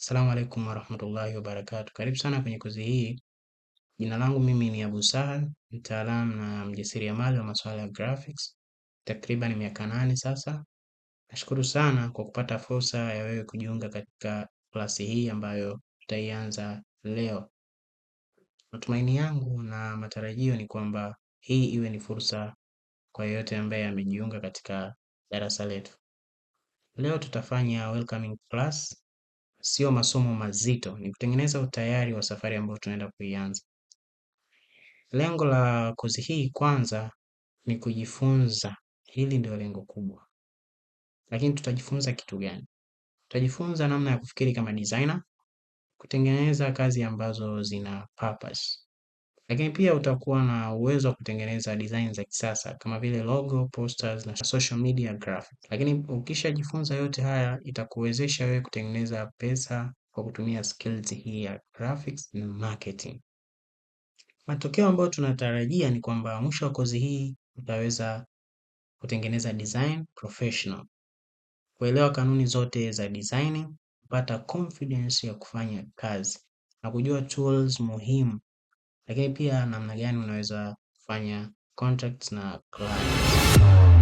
asalamu alaikum warahmatullahi wabarakatu. Karibu sana kwenye kozi hii. Jina langu mimi ni Abu Sahal, mtaalamu na mjasiriamali wa masuala ya graphics takriban miaka nane sasa. Nashukuru sana kwa kupata fursa ya wewe kujiunga katika klasi hii ambayo tutaianza leo. Matumaini yangu na matarajio ni kwamba hii iwe ni fursa kwa yeyote ambaye amejiunga katika darasa letu. Leo tutafanya welcoming class sio masomo mazito, ni kutengeneza utayari wa safari ambayo tunaenda kuianza. Lengo la kozi hii kwanza ni kujifunza, hili ndio lengo kubwa. Lakini tutajifunza kitu gani? Tutajifunza namna ya kufikiri kama designer, kutengeneza kazi ambazo zina purpose, lakini pia utakuwa na uwezo wa kutengeneza design za kisasa kama vile logo, posters na social media graphic. Lakini ukishajifunza yote haya itakuwezesha wewe kutengeneza pesa kwa kutumia skills hii ya graphics na marketing. Matokeo ambayo tunatarajia ni kwamba mwisho wa kozi hii utaweza kutengeneza design professional, kuelewa kanuni zote za designing, kupata confidence ya kufanya kazi na kujua tools muhimu lakini pia namna gani unaweza kufanya contacts na clients.